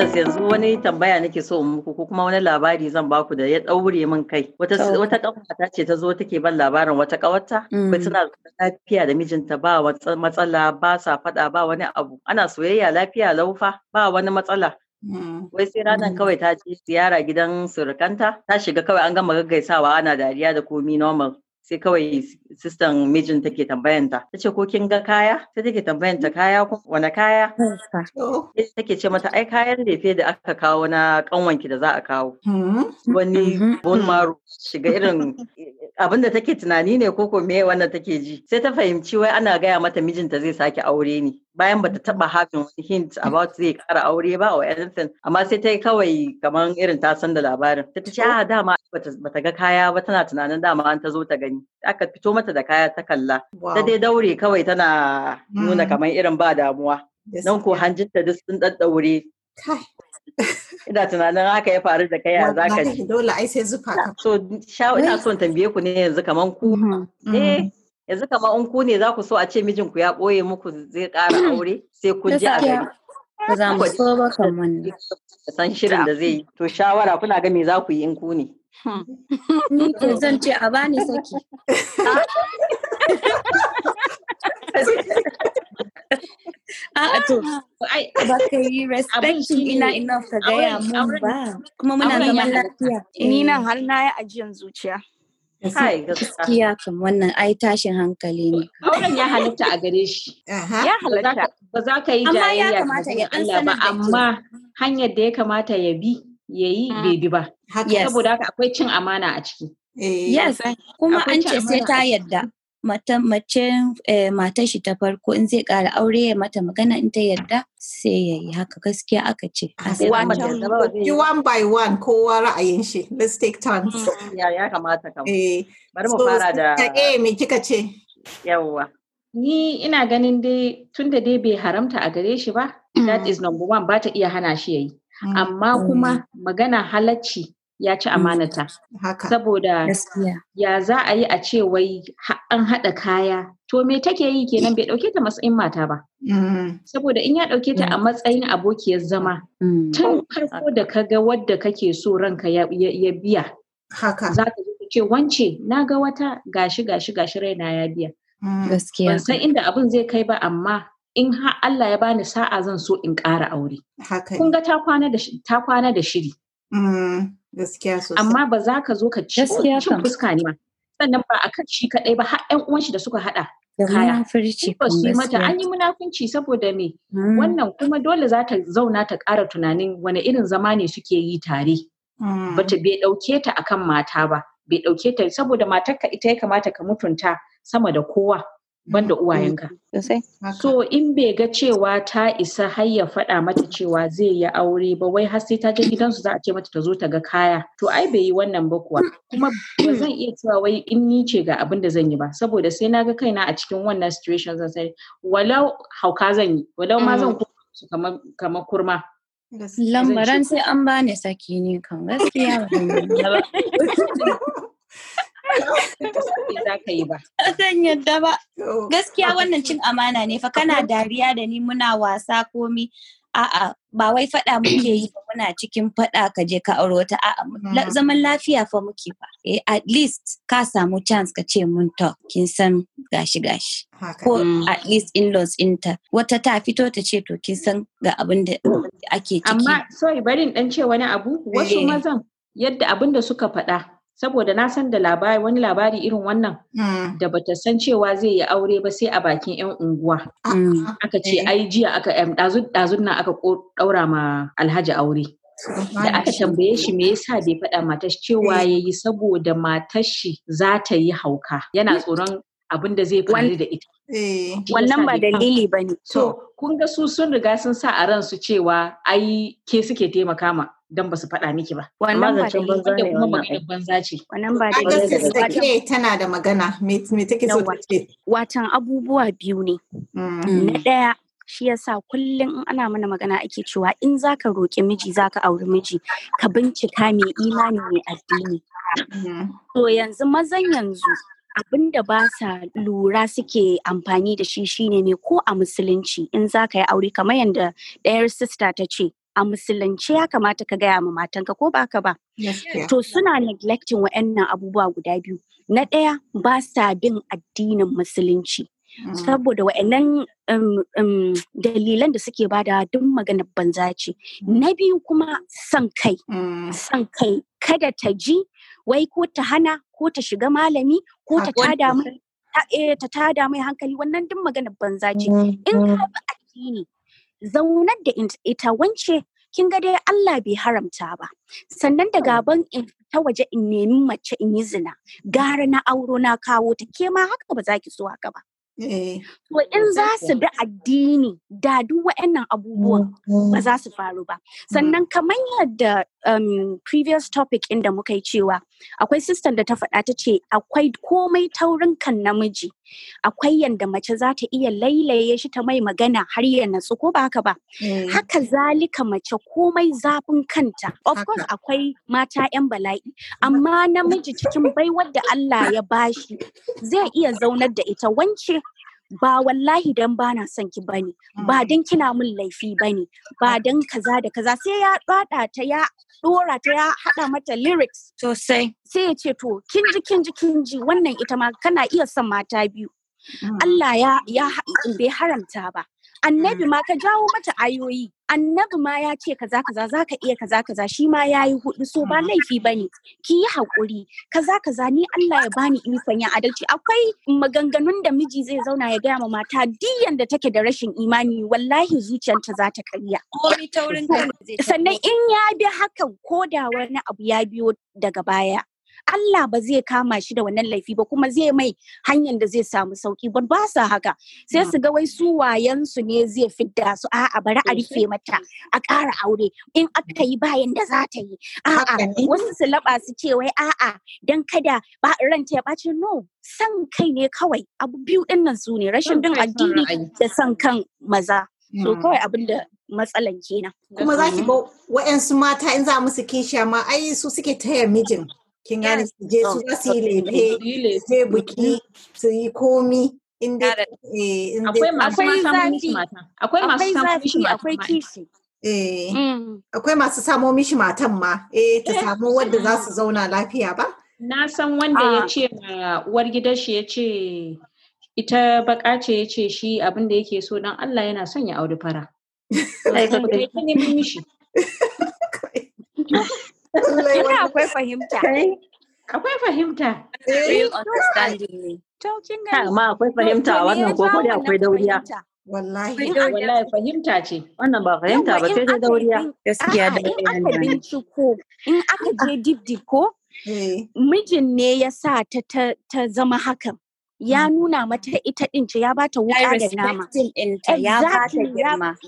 Ustaz yanzu wani tambaya nake so muku ko kuma wani labari zan baku da ya daure min kai. Wata wata kawata ce ta zo take ban labarin wata kawarta. Ba mm. tana lafiya da mijinta ba matsala ba sa faɗa ba wani abu. Ana soyayya lafiya laufa ba wani matsala. Mm. Wai sai ranar mm. kawai ta je ziyara gidan surukanta ta shiga kawai an gama gaggaisawa ana dariya da komi normal. sai kawai sistan mijin take tambayanta ta ce ko kin ga kaya sai take tambayanta kaya ko wani kaya take ce mata ai kayan lefe da aka kawo na kanwanki da za a kawo hmm? wani hmm? bon maro shiga irin eh, abinda take tunani ne ko ko me wannan take ji sai ta fahimci wai ana gaya mata mijinta zai sake aure ni. bayan bata taba having wani hint about zai kara aure ba or anything amma sai ta yi kawai kamar irin ta san da labarin ta ce a ah, dama ba ta ga kaya ba tana tunanin dama an ta zo ta gani aka fito mata da kaya ta kalla ta dai daure kawai tana nuna mm. kamar irin ba damuwa nan ko hanjinta duk sun daddaure ina tunanin haka ya faru da kai a zaka dole ai sai zufa ka so ina son tambaye ku ne yanzu kaman ku mm-hmm. eh mm-hmm. yanzu kama in ku ne za ku so a ce mijinku ya ɓoye muku zai ƙara aure sai ku ji a gari za mu so ba kaman san shirin da zai yi to shawara kuna ga me za ku yi in ku ne hmm. ni ko zan ce a bani saki A'a to, ai, ba ka yi respecting ina enough ka gaya mun ba, kuma muna zaman lafiya. Eh. Ni nan har na yi ajiyan zuciya. Kai gaskiya kan wannan ai tashin hankali ne. Auren ya halatta a gare shi. Ya halatta ba za ka yi jayayya da Allah ba amma hanyar da ya kamata ya bi ya yi ah. bai bi ba. Saboda haka akwai cin amana a ciki. Eh. Yes, kuma an ce sai ta yadda. mace eh, matar shi ta farko in zai ƙara aure ya mata magana in ta yarda sai ya yi haka gaskiya aka ce. One by one kowa ra'ayin shi. Let's take turns. Mm, mm, ya ya kamata kam. Eh, Bari mu fara da. Eh me kika ce? Yawwa. Ni ina ganin dai tun da dai bai haramta a gare shi ba, that mm. is number one ba ta iya hana shi ya yi. Amma kuma magana halacci ya ci mm. amanata. Saboda ya za a yi a ce wai an haɗa kaya, to me take yi kenan bai ɗauke ta matsayin mata ba. Mm. Saboda in ya ɗauke ta a mm. matsayin abokiyar zama, tun farko da ka ga wadda kake so ranka ya biya. Haka. Za ka ce wance na ga wata gashi gashi gashi raina ya biya. Gaskiya. Ban san inda abin zai kai ba amma in ha Allah ya bani sa'a zan so in ƙara aure. Haka. Kun ga ta kwana da shiri. Gaskiya sosai. Amma ba za ka zo ka cin fuska ne ma. Sannan ba a kan shi kaɗai ba har ƴan uwan shi da suka haɗa. Da mata an yi munafunci saboda me hmm. wannan kuma dole za ta zauna ta ƙara tunanin wani irin zama ne suke yi tare. Hmm. Bata bai ɗauke ta akan mata ba. Bai ɗauke ta saboda matarka ita ya kamata ka mutunta sama da kowa. banda mm, mm, uwayenka. So in bai ga cewa ta isa har ya faɗa mata cewa zai yi aure ba wai har sai ta je gidansu za a ce mata ta zo ta ga kaya. To ai bai yi wannan ba kuwa. Kuma ba zan iya cewa wai in ni ce ga abin da zan yi ba saboda sai na ga kaina a cikin wannan situation zan sai walau hauka zan yi walau ma zan mm. kuma kamar kurma. Lambaran sai an bani saki ne kan gaskiya. za ka yi ba. Zan yadda ba. Gaskiya wannan cin amana ne fa kana dariya da ni muna wasa komi. A'a ba wai faɗa muke yi ba muna cikin faɗa ka je ka aure wata a'a mm. zaman lafiya fa muke ba. Eh, at least ka samu chance ka ce mun to kin san gashi gashi. Ko at least in laws inta wata ta fito ta ce to kin san ga abin da ake ciki. Amma so bari in dan ce wani abu wasu eh. mazan yadda abin da suka faɗa saboda na san da labari wani labari irin wannan mm. da bata san cewa zai yi aure ba sai a bakin yan unguwa ah, mm. aka ce eh. ai jiya aka dazun nan aka ɗaura ma alhaji aure da aka tambaye shi me yasa bai faɗa matar cewa eh. yayi saboda matar shi za ta yi hauka yana eh. tsoron abin da zai faru da ita. Eh. Wannan ba dalili ba ne. So, kun ga su sun riga sun sa a ransu cewa ai ke suke taimaka ma don ba su faɗa miki ba. Wannan ba dalili ba ne. banza ne Wannan ba dalili ba ne. tana da magana me take so ta ce. Watan abubuwa biyu ne. Mm. Na ɗaya shi yasa kullum in ana mana magana ake cewa in zaka roƙi miji zaka auri miji ka bincika mai imani mai addini. Mm. To yanzu mazan yanzu abin da ba sa lura suke amfani da shi shine ne ko a musulunci in za ka yi aure kamar yadda ɗayar sista ta ce a musulunci ya kamata ka gaya ma matanka ko baka ba to suna neglecting wa'annan abubuwa guda biyu na ɗaya ba sa bin addinin musulunci Mm. saboda wa'annan um, um, dalilan da suke bada duk magana banza ce mm. na biyu kuma san kai mm. san kai kada ta ji wai ko ta hana ko ta shiga malami ko ta tada mai eh, ta tada mai hankali wannan duk magana banza ce in ka bi addini zaunar da ita wance kin ga dai Allah bai haramta ba sannan da gaban in ta waje in nemi mace in yi zina gara na auro na kawo ta ke ma haka ba za ki so haka ba Eh, to in za su bi addini da duk waɗannan abubuwan mm, mm. ba za su faru ba. Mm. Sannan kamar yadda um, previous topic inda muka yi cewa akwai system da ta faɗa ta ce akwai komai taurin kan namiji akwai yanda mace za ta iya lailaye shi ta mai magana har ya natsu ko ba haka ba mm. haka zalika mace komai zafin kanta of course akwai mata yan bala'i amma namiji cikin baiwar da Allah ya bashi zai iya zaunar da ita wance ba wallahi dan ba na son ki bane ba hmm. dan kina min laifi bane ba hmm. dan kaza da kaza sai ya tsada ta ya dora ta ya hada mata lyrics sosai sai ya ce to kinji kinji kinji wannan ita ma kana iya son mata biyu hmm. Allah ya ya bai haramta ba annabi mm. ma ka jawo mata ayoyi annabi ma ya ce kaza kaza ka iya kaza kaza shi ma ya yi hudu so ba mm. laifi ba ne. ki yi haƙuri. kaza kaza ni Allah ya bani ikon yin adalci akwai maganganun da miji zai zauna ya gaya ma mata diyan da take da rashin imani wallahi zuciyanta za ta karya sannan in ya bi hakan ko da wani abu ya biyo daga baya Allah ba zai kama shi da wannan laifi ba kuma zai mai hanyar da zai samu sauki ba ba sa haka sai su ga wai su wayan ne zai fidda su a'a bari a rufe mata a ƙara aure in aka yi bayan da za ta yi a'a wasu su laba su ce wai a'a dan kada ba ta ya no san kai ne kawai abu biyu din nan su ne rashin bin addini da san kan maza so kawai abin da matsalan kenan kuma za ki ba mm-hmm. wa'yansu mata in za musu kishiya ma ai su suke taya mijin kin gane su je su yi lefe su yi komi inda eh, akwai masu samun samo mishi matan ma eh ta eh, samu wadda za su zauna lafiya ba na san wanda ya ah. ce ma uwar gidan shi ya ce ita baka ce ya ce shi abin da yake so don Allah yana son ya auri fara. Kina akwai fahimta. Akwai fahimta. Eh. Real understanding ne. To kin gani. Amma akwai fahimta wannan ko kodai akwai dauriya. Wallahi wallahi fahimta ce. Wannan ba fahimta ba sai dai dauriya. Gaskiya da In aka binciko, in aka ah. je dibdiko, eh. mijin ne ya sa ta zama hakan. ya mm. nuna mata ita din ce ya bata wuka da nama exactly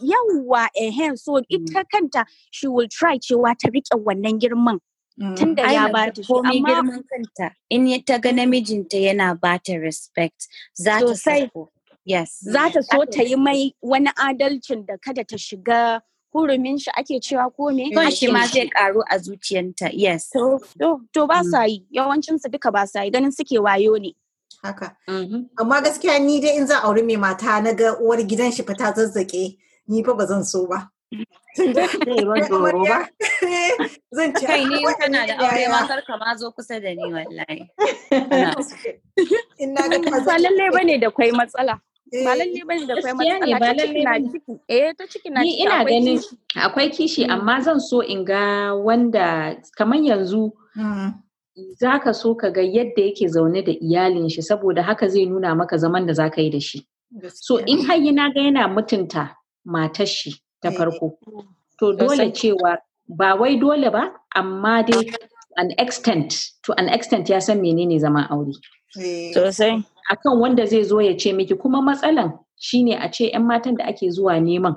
yawa ehen so ita mm. kanta she will try cewa ta rike wannan girman mm. tunda ya ba komai girman kanta in ta ga namijinta yana bata ta respect za so yes za ta so ta yi mai wani adalcin da kada ta shiga hurumin shi ake cewa ko me kan shi ma zai karu a zuciyanta yes to to ba sa yi yawancin su duka ba sa yi ganin suke wayo ne haka mm-hmm. amma gaskiya ni dai in za aure mai mata na ga uwar gidan shi fa ta zazzake ni fa ba zan so ba zan ci kai ni kana da aure matar ka ma zo kusa da ni wallahi ina ga ba eh. lalle bane da kai matsala ba lalle bane da kai matsala ba lalle na ciki eh ta ciki na ciki ina ganin akwai kishi mm. amma zan so in ga wanda kamar yanzu mm. za ka so ka ga yadda yake zaune da iyalin shi saboda haka zai nuna maka zaman da za ka yi da shi. So in har na ga yana mutunta matar shi ta eh. farko. To dole cewa ba wai dole ba amma dai an extent to an extent ya san menene zaman aure. Eh. Sosai. Akan wanda zai zo ya ce miki kuma matsalan shine a ce 'yan matan da ake zuwa neman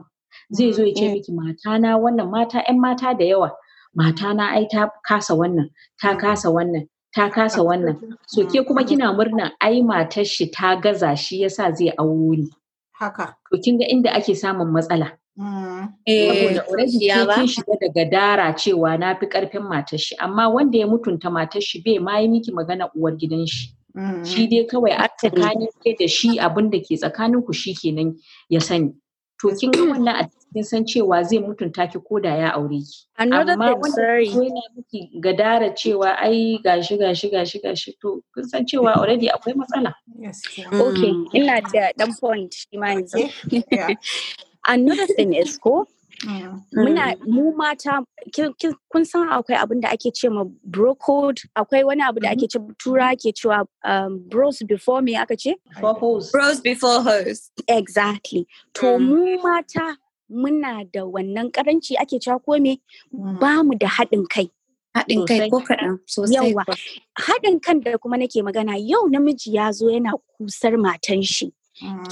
zai zo ya ce mm. miki mata na wannan mata 'yan mata da yawa mata na ai ta kasa wannan ta kasa wannan ta kasa wannan so ke kuma mm. kina murna ai matar shi ta gaza shi yasa zai auri. haka to kin ga inda ake samun matsala mm. Saboda eh, kin shiga daga dara cewa na fi karfin matar shi amma wanda ya mutunta matar shi bai ma yi miki magana uwar gidan shi mm. shi dai kawai a tsakanin ke da shi abin da ke tsakanin ku shi kenan ya sani to kin ga wannan a cikin san cewa zai mutunta ki ko da ya aure ki amma wanda yana miki gadara cewa ai gashi gashi gashi gashi to kun san cewa already akwai matsala mm, okay ina da dan point shi ma yanzu another thing is ko muna mm. mu mata kun san akwai abin da ake ce ma bro code akwai wani abu da mm-hmm. ake ce tura ke cewa um, bros before me aka ce bros before hers exactly to mm. mu mata muna da wannan karanci ake cewa ko me mm. ba mu da haɗin kai haɗin kai ko kaɗan sosai yawa haɗin kan da kuma nake magana yau namiji ya zo yana kusar matan shi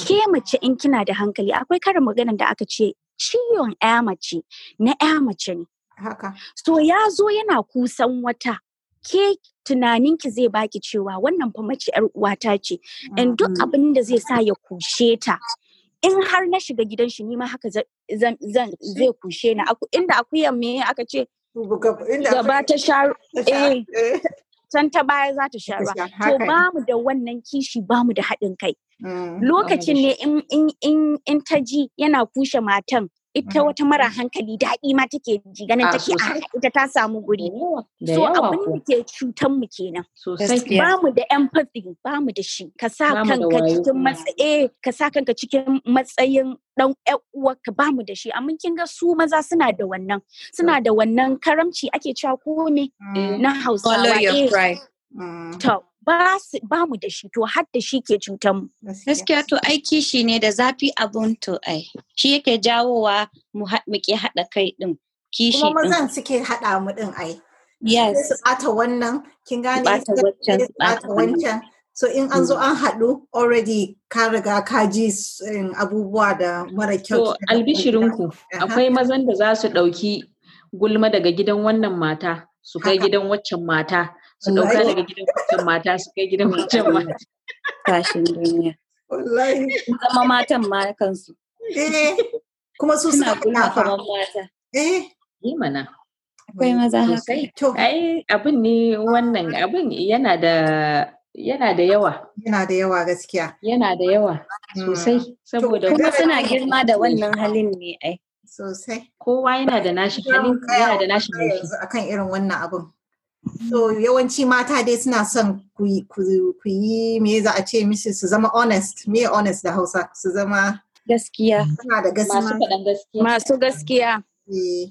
ke mace in kina da hankali akwai karin maganar da aka ce ciwon ya mace na ya mace ne haka so ya zo yana kusan wata ke tunaninki zai baki cewa wannan fa mace yar uwata ce in duk mm-hmm. abin da zai sa ya kushe ta in har na shiga gidan shi nima haka zan zai kushe na, inda akuyan me aka ce gaba ta sha eh, eh. can ta baya za ta sha ruwa to ba da wannan kishi bamu da haɗin kai Mm. Lokacin ne in ta ji yana kushe matan ita mm-hmm. wata mara hankali daɗi ma take ji ganin ah, take a ita ta samu guri oh, so abin da ke cutan mu kenan ba mu da empathy ba mu da shi ka sa kanka cikin matsayi eh, ka sa kanka cikin matsayin dan uwarka ba mu da shi amma kin ga su maza suna da wannan suna da wannan karamci ake cewa ko ne mm. na Hausawa eh mm. to ba mu da shi to har da shi ke cutar mu. Gaskiya to ai kishi ne da zafi abun to ai shi yake jawowa mu ke haɗa kai ɗin kishi Kuma mazan suke haɗa mu ɗin ai. Yes. Su ɓata wannan kin gane su ɓata wancan. So in an zo mm. an haɗu already ka riga ka ji abubuwa da mara kyau. To albishirinku akwai mazan da za su ɗauki gulma daga gidan wannan mata su kai gidan waccan mata. su ɗauka daga gidan wancan mata su kai gidan wancan mata tashin duniya wallahi zama matan ma kansu eh kuma su suna kula fa mata eh yi mana akwai maza haka to ai abin ne wannan abin yana da yana da yawa yana da yawa gaskiya yana da yawa sosai hmm. saboda kuma suna girma da wannan halin ne ai sosai kowa yana da nashi halin yana da nashi yanzu akan irin wannan abin So yawanci mata dai suna son ku yi me za a ce mishi su zama honest, me honest da Hausa su zama gaskiya. Suna da gaskiya. Masu gaskiya. Eh.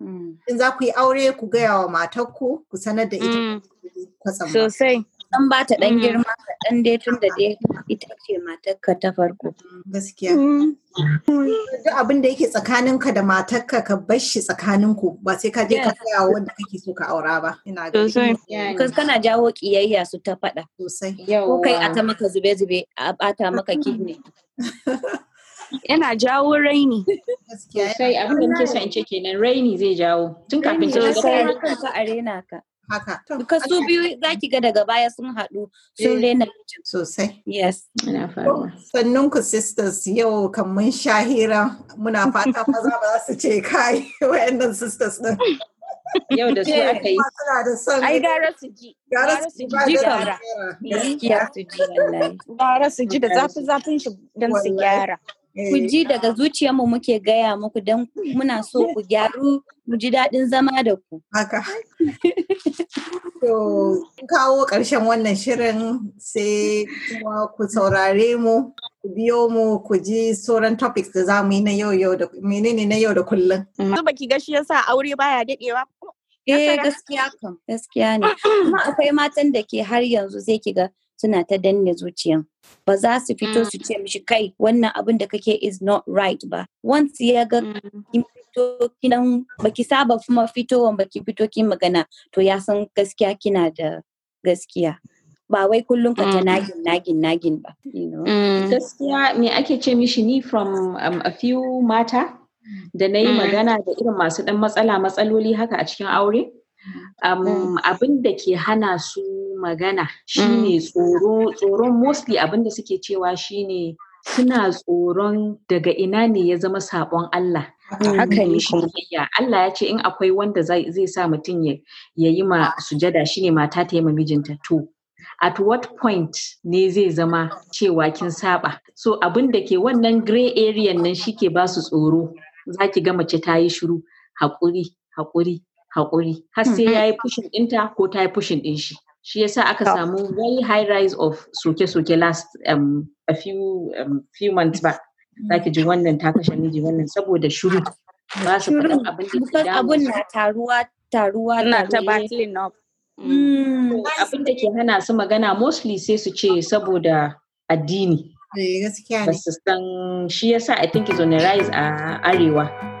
In za ku yi aure ku gaya wa matakku ku sanar da ita. Mm. Sosai. dan ba ta dan mm. girma ka dan dai tun da dai ita ce matarka ta farko gaskiya mm. duk abin da yake tsakaninka da matarka ka bar shi tsakaninku ba sai ka je ka tsaya wanda kake so ka aura ba ina ga kas kana jawo kiyayya su ta fada sosai ko kai a ta maka zube zube a bata maka kidney mm. yana jawo raini. sai abin da muke son in ce kenan raini zai jawo tun kafin ta zo ka arena ka. haka duka su biyu za ki ga daga baya sun haɗu sun eh. rena sosai yes ina faruwa sannun ku sisters yau kan mun sha hira muna fata maza ba za su ce kai wayannan sisters din yau da su aka yi ai gara su ji gara su ji gara gaskiya su ji gara su ji da zafi zafin shi don su gyara ku eh. ji daga zuciyarmu muke gaya muku don muna so ku gyaru mu ji daɗin zama da ku. Haka. To, kawo ƙarshen wannan shirin sai kuma ku saurare mu, ku biyo mu, ku ji sauran topics da za mu yi na yau yau da menene na yau da kullum. Zuba ki gashi yasa aure baya daɗewa. Eh gaskiya kam, gaskiya ne. Kuma akwai matan da ke har yanzu sai ki ga suna ta danne zuciyan ba za su fito mm. su ce mishi kai wannan abin da kake is not right ba once ya ga mm. kin fito kinan baki saba kuma fitowan baki fito kin magana to ya san gaskiya kina da gaskiya ba wai kullum ka ta mm. nagin nagin nagin ba gaskiya me ake ce mishi ni from um, a few mata da na yi magana da irin masu dan matsala matsaloli haka a cikin aure um, abin da ke hana su magana shine mm. tsoro tsoron mostly abinda suke cewa shine suna tsoron daga ina ne ya zama sabon Allah haka ne Allah ya ce in akwai wanda zai sa mutum ya yi ma sujada shine mata ta yi ma mijinta to at what point ne zai zama cewa kin saba so abin da ke wannan gray area nan shike ba su tsoro za ki ga mace ta yi shiru haƙuri haƙuri haƙuri har sai mm-hmm. ya yi fushin ɗinta ko ta yi fushin ɗin shi shi yasa aka samu very high rise of soke-soke last um, a few um, few months back mm. zaki ji wannan ta kashe miji wannan saboda shuru ba su faɗin abin da ke damu abun na taruwa taruwa na ta battling up mm. Mm. abin da ke hana su magana mostly sai su ce saboda addini eh, gaskiya ne shi yasa i think is on the rise a arewa